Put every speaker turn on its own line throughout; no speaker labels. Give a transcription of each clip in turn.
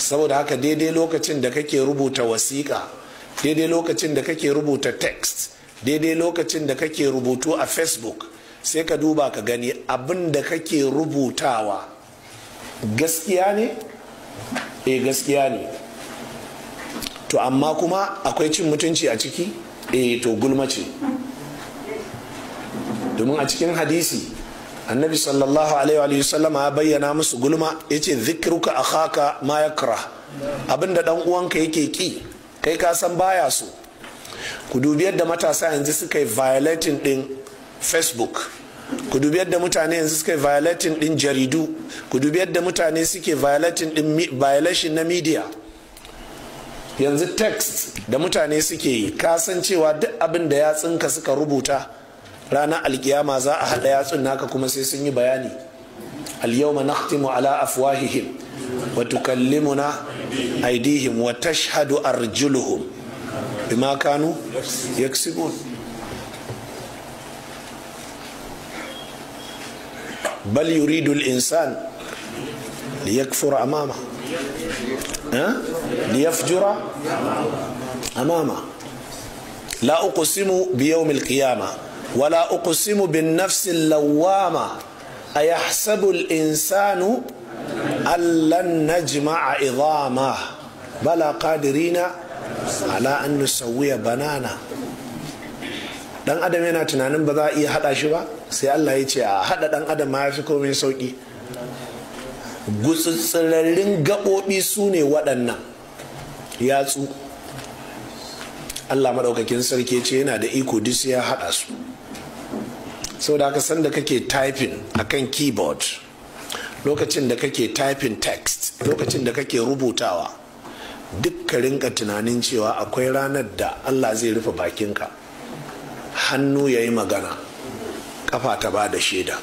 saboda haka daidai lokacin da kake rubuta wasiƙa daidai lokacin da kake rubuta text daidai lokacin da kake rubutu a facebook sai ka duba ka gani abin da kake rubutawa gaskiya ne Eh gaskiya ne to amma kuma akwai cin mutunci a ciki Eh to gulma domin a cikin hadisi annabi sallallahu alaihi wa sallam ya bayyana musu gulma yace zikruka akhaka ma yakra abinda dan uwanka yake ki kai ka san baya so ku dubi yadda matasa yanzu suka yi violating din facebook ku dubi yadda mutane yanzu suka yi violating din jaridu ku dubi yadda mutane suke violating din violation na media yanzu text da mutane suke yi kasancewa duk abin da tsinka suka rubuta رانا القيامة زاء أهل ياسو ناكا كمسيسيني بياني اليوم نختم على أفواههم وتكلمنا أيديهم وتشهد أرجلهم بما كانوا يكسبون بل يريد الإنسان ليكفر أمامه ها؟ ليفجر أمامه لا أقسم بيوم القيامة wala uqsimu bin nafsin lauwama a yahsabu insanu allan عظامه idama bala على ala an بنانا banana dan adam yana tunanin ba za a iya hada shi ba sai Allah ya ce a hada dan adam ma fi komai sauki gutsutsirarrin gaɓoɓi su ne waɗannan yatsu Allah maɗaukakin sarki ya ce yana da iko duk ya hada su sau da san sanda kake typing kan keyboard lokacin da kake typing text lokacin da kake rubutawa duk ka rinka tunanin cewa akwai ranar da allah zai rufe bakinka hannu ya yi magana kafa ta ba da shaida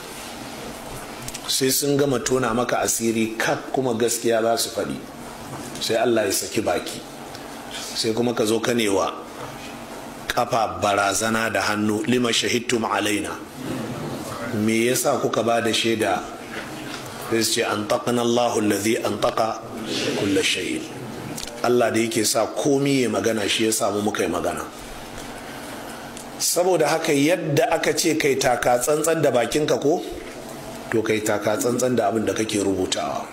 sai sun gama tona maka asiri kak kuma gaskiya za su faɗi sai allah ya saki baki sai kuma ka zo kanewa kafa barazana da hannu lima shahidtum alaina me yasa kuka ba da shaida sai ce an taƙana Allahu allazi an taƙa kulla shayin. Allah da yake sa komi ya magana shi ya samu muka yi magana saboda haka yadda aka ce kai taka tsantsan da bakinka ko to kai taka tsantsan da abin da kake rubutawa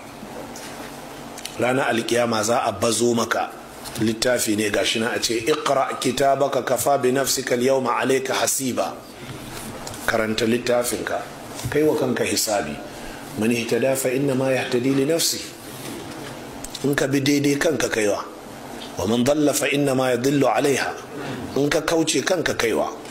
ranar alkiyama za a bazo maka littafi ne gashi na a ce iqra kitabaka kafa bi nafsika yawma alayka hasiba karanta littafinka kai wa kanka hisabi man ihtada fa inna ma yahtadi li nafsi in ka bi daidai kanka kaiwa wa man dalla fa inna ma yadhillu alaiha in ka kauce kanka kaiwa